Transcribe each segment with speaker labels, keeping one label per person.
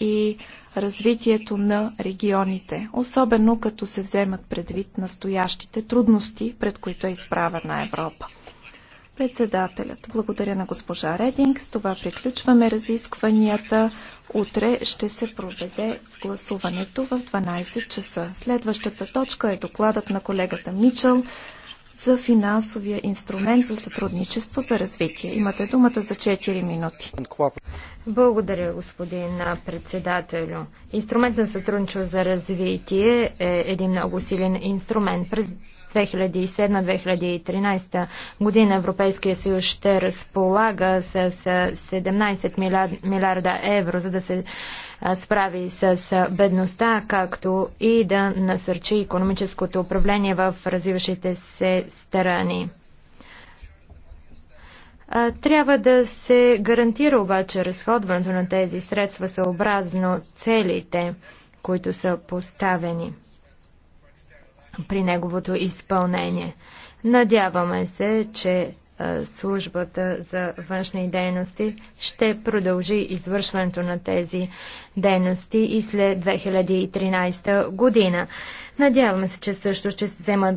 Speaker 1: и развитието на регионите, особено като се вземат предвид настоящите трудности, пред които е изправена Европа. Председателят, благодаря на госпожа Рединг. С това приключваме разискванията. Утре ще се проведе гласуването в 12 часа. Следващата точка е докладът на колегата Мичел за финансовия инструмент за сътрудничество за развитие.
Speaker 2: Имате думата за 4 минути. Благодаря, господин председателю. Инструментът за сътрудничество за развитие е един много силен инструмент. През 2007-2013 година Европейския съюз ще разполага с 17 милиарда, евро, за да се справи с бедността, както и да насърчи економическото управление в развиващите се страни. Трябва да се гарантира обаче разходването на тези средства съобразно целите, които са поставени при неговото изпълнение. Надяваме се, че службата за външни дейности ще продължи извършването на тези дейности и след 2013 година. Надяваме се, че също ще се вземат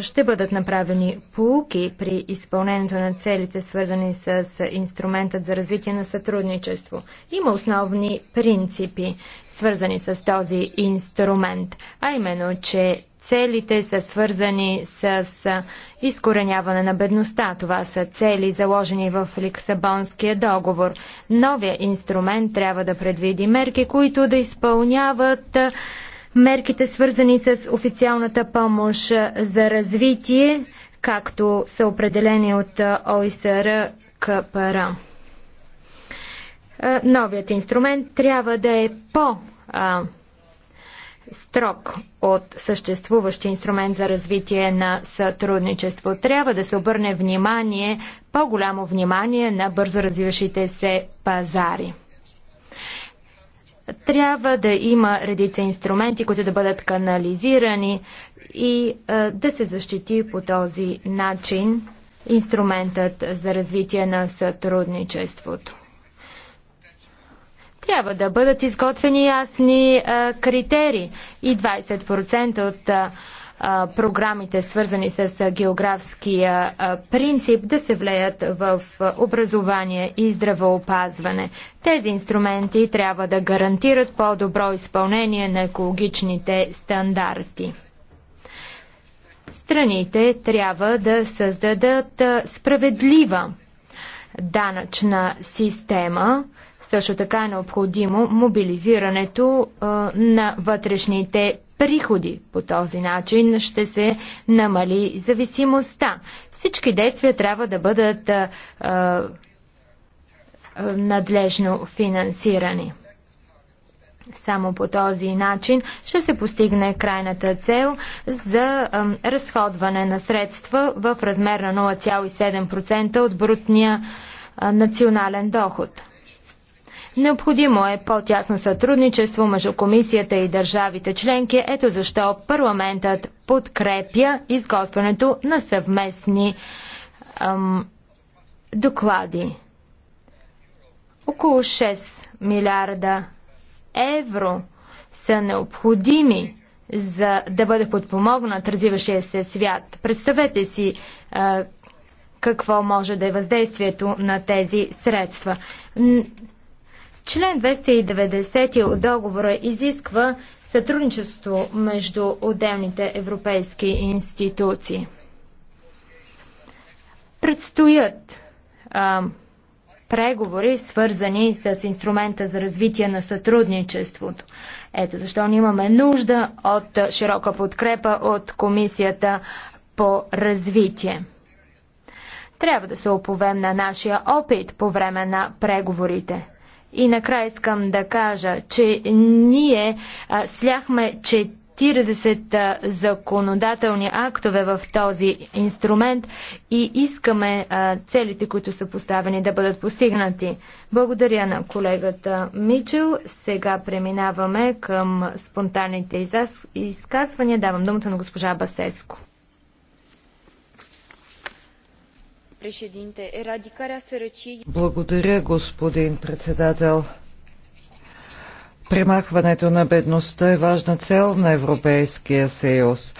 Speaker 2: ще бъдат направени полуки при изпълнението на целите, свързани с инструментът за развитие на сътрудничество. Има основни принципи, свързани с този инструмент, а именно, че Целите са свързани с изкореняване на бедността. Това са цели, заложени в Ликсабонския договор. Новия инструмент трябва да предвиди мерки, които да изпълняват мерките, свързани с официалната помощ за развитие, както са определени от ОИСР КПР. Новият инструмент трябва да е по- строк от съществуващия инструмент за развитие на сътрудничество. Трябва да се обърне внимание, по-голямо внимание на бързо развиващите се пазари. Трябва да има редица инструменти, които да бъдат канализирани и а, да се защити по този начин инструментът за развитие на сътрудничеството. Трябва да бъдат изготвени ясни а, критерии и 20% от а, програмите, свързани с географския принцип, да се влеят в образование и здравеопазване. Тези инструменти трябва да гарантират по-добро изпълнение на екологичните стандарти. Страните трябва да създадат справедлива данъчна система, също така е необходимо мобилизирането а, на вътрешните приходи. По този начин ще се намали зависимостта. Всички действия трябва да бъдат а, а, надлежно финансирани. Само по този начин ще се постигне крайната цел за а, разходване на средства в размер на 0,7% от брутния а, национален доход. Необходимо е по-тясно сътрудничество между комисията и държавите членки. Ето защо парламентът подкрепя изготвянето на съвместни ам, доклади. Около 6 милиарда евро са необходими за да бъде подпомогнат развиващия се свят. Представете си а, какво може да е въздействието на тези средства. Член 290 от договора изисква сътрудничество между отделните европейски институции. Предстоят а, преговори, свързани с инструмента за развитие на сътрудничеството. Ето защо ние имаме нужда от широка подкрепа от Комисията по развитие. Трябва да се оповем на нашия опит по време на преговорите. И накрая искам да кажа, че ние а, сляхме 40 законодателни актове в този инструмент и искаме а, целите, които са поставени, да бъдат постигнати. Благодаря на колегата Мичел. Сега преминаваме към спонтанните изказвания. Давам думата на госпожа Басеско.
Speaker 3: Благодаря, господин председател. Премахването на бедността е важна цел на Европейския съюз.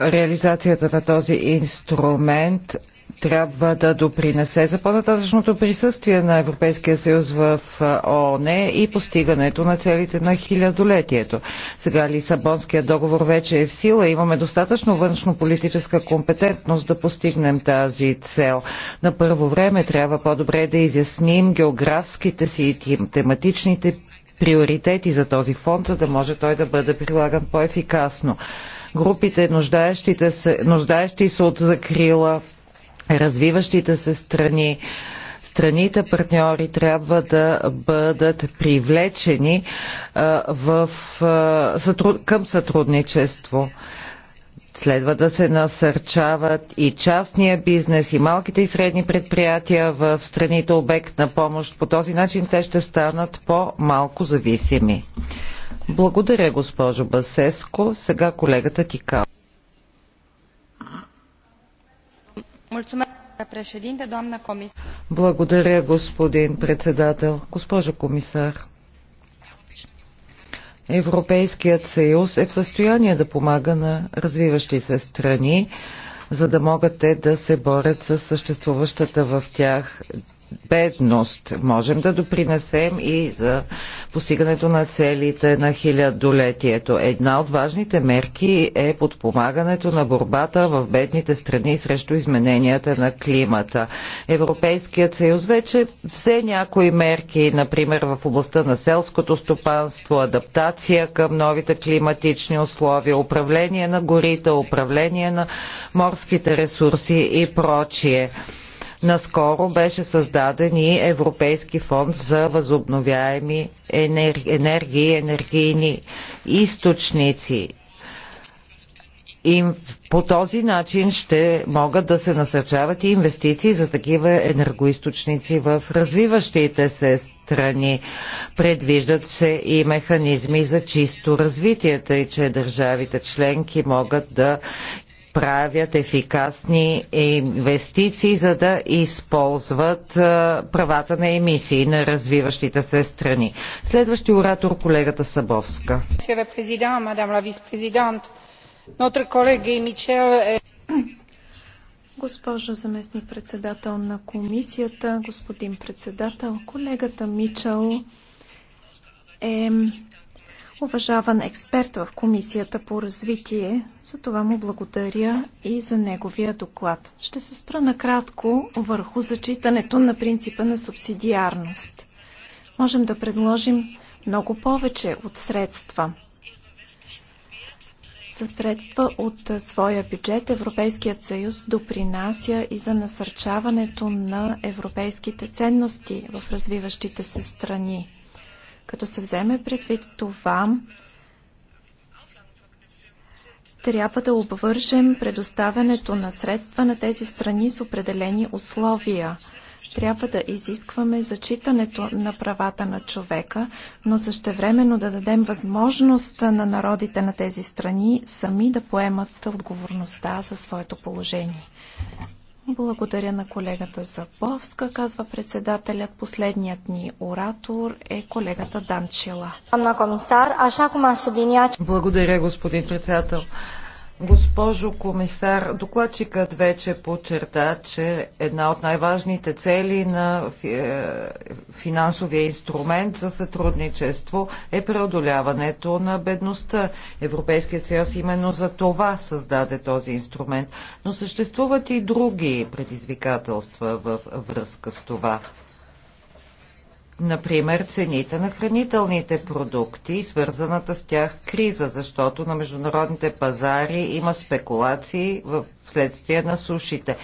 Speaker 3: Реализацията на този инструмент трябва да допринесе за по-нататъчното присъствие на Европейския съюз в ООН и постигането на целите на хилядолетието. Сега Лисабонският договор вече е в сила. Имаме достатъчно външно-политическа компетентност да постигнем тази цел. На първо време трябва по-добре да изясним географските си и тематичните приоритети за този фонд, за да може той да бъде прилаган по-ефикасно. Групите, нуждаещи се от закрила, развиващите се страни, страните партньори трябва да бъдат привлечени в, към сътрудничество. Следва да се насърчават и частния бизнес, и малките и средни предприятия в страните обект на помощ. По този начин те ще станат по-малко зависими. Благодаря, госпожо Басеско. Сега колегата Тикал. Благодаря, господин председател. Госпожо комисар, Европейският съюз е в състояние да помага на развиващи се страни, за да могат те да се борят с съществуващата в тях бедност. Можем да допринесем и за постигането на целите на хилядолетието. Една от важните мерки е подпомагането на борбата в бедните страни срещу измененията на климата. Европейският съюз вече все някои мерки, например в областта на селското стопанство, адаптация към новите климатични условия, управление на горите, управление на морските ресурси и прочие. Наскоро беше създаден и Европейски фонд за възобновяеми енергии, енергийни източници и по този начин ще могат да се насърчават и инвестиции за такива енергоисточници в развиващите се страни. Предвиждат се и механизми за чисто развитие, тъй че държавите членки могат да правят ефикасни инвестиции, за да използват правата на емисии на развиващите се страни. Следващи оратор колегата Сабовска.
Speaker 1: Е- Госпожо заместник председател на комисията, господин председател, колегата Мичел е уважаван експерт в Комисията по развитие. За това му благодаря и за неговия доклад. Ще се спра накратко върху зачитането на принципа на субсидиарност. Можем да предложим много повече от средства. Със средства от своя бюджет Европейският съюз допринася и за насърчаването на европейските ценности в развиващите се страни. Като се вземе предвид това, трябва да обвържем предоставянето на средства на тези страни с определени условия. Трябва да изискваме зачитането на правата на човека, но същевременно да дадем възможност на народите на тези страни сами да поемат отговорността за своето положение. Благодаря на колегата Заповска, казва председателят. Последният ни оратор е колегата Данчила.
Speaker 3: Благодаря, господин председател. Госпожо комисар, докладчикът вече подчерта, че една от най-важните цели на е, финансовия инструмент за сътрудничество е преодоляването на бедността. Европейският съюз именно за това създаде този инструмент. Но съществуват и други предизвикателства във връзка с това например, цените на хранителните продукти и свързаната с тях криза, защото на международните пазари има спекулации в следствие на сушите.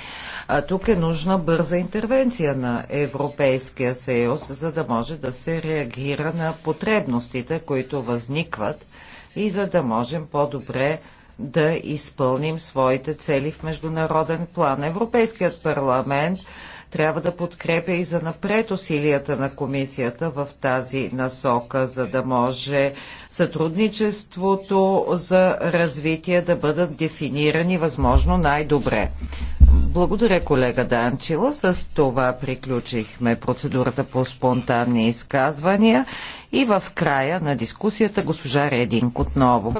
Speaker 3: А тук е нужна бърза интервенция на Европейския съюз, за да може да се реагира на потребностите, които възникват и за да можем по-добре да изпълним своите цели в международен план. Европейският парламент трябва да подкрепя и за напред усилията на комисията в тази насока, за да може сътрудничеството за развитие да бъдат дефинирани възможно най-добре. Благодаря, колега Данчила. С това приключихме процедурата по спонтанни изказвания и в края на дискусията госпожа Рединг отново.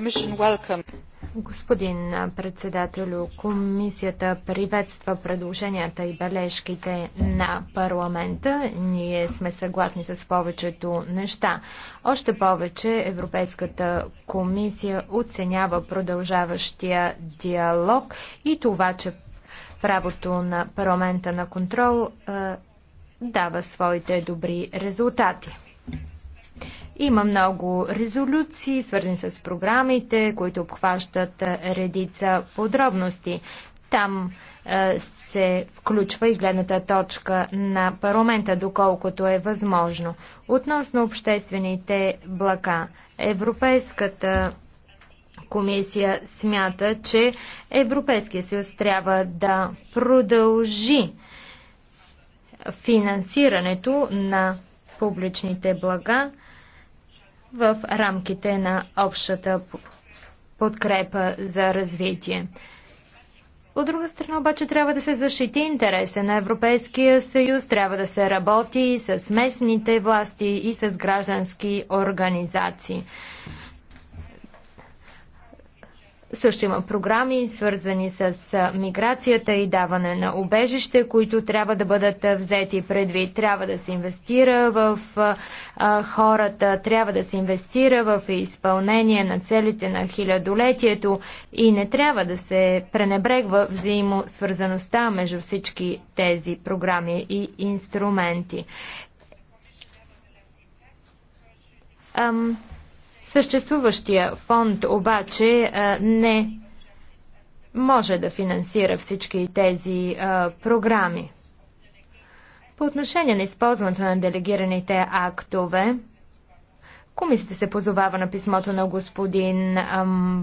Speaker 2: Господин председател, комисията приветства предложенията и бележките на парламента. Ние сме съгласни с повечето неща. Още повече Европейската комисия оценява продължаващия диалог и това, че правото на парламента на контрол е, дава своите добри резултати. Има много резолюции, свързани с програмите, които обхващат редица подробности. Там е, се включва и гледната точка на парламента, доколкото е възможно. Относно обществените блака, Европейската комисия смята, че Европейския съюз трябва да продължи финансирането на публичните блага в рамките на общата подкрепа за развитие. От друга страна обаче трябва да се защити интереса на Европейския съюз, трябва да се работи и с местните власти и с граждански организации. Също има програми, свързани с миграцията и даване на убежище, които трябва да бъдат взети предвид. Трябва да се инвестира в хората, трябва да се инвестира в изпълнение на целите на хилядолетието и не трябва да се пренебрегва взаимосвързаността между всички тези програми и инструменти. Съществуващия фонд обаче не може да финансира всички тези програми. По отношение на използването на делегираните актове, комисията се позовава на писмото на господин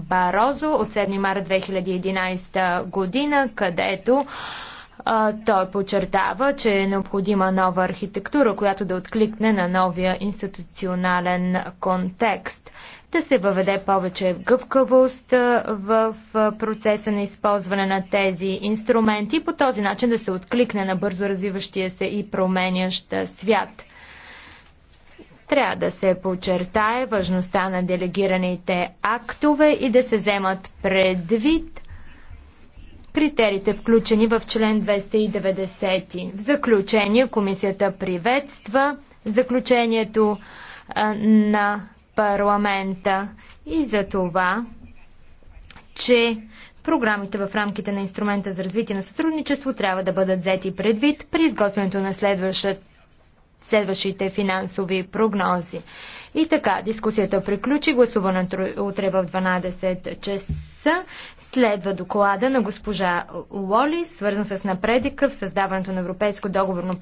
Speaker 2: Барозо от 7 марта 2011 година, където а, той подчертава, че е необходима нова архитектура, която да откликне на новия институционален контекст да се въведе повече гъвкавост в процеса на използване на тези инструменти и по този начин да се откликне на бързо развиващия се и променящ свят. Трябва да се подчертае важността на делегираните актове и да се вземат предвид критериите, включени в член 290. В заключение, комисията приветства заключението а, на парламента и за това, че Програмите в рамките на инструмента за развитие на сътрудничество трябва да бъдат взети предвид при изготвянето на следващата следващите финансови прогнози. И така, дискусията приключи. Гласуването утре в 12 часа. Следва доклада на госпожа Лоли, свързан с напредика в създаването на Европейско договорно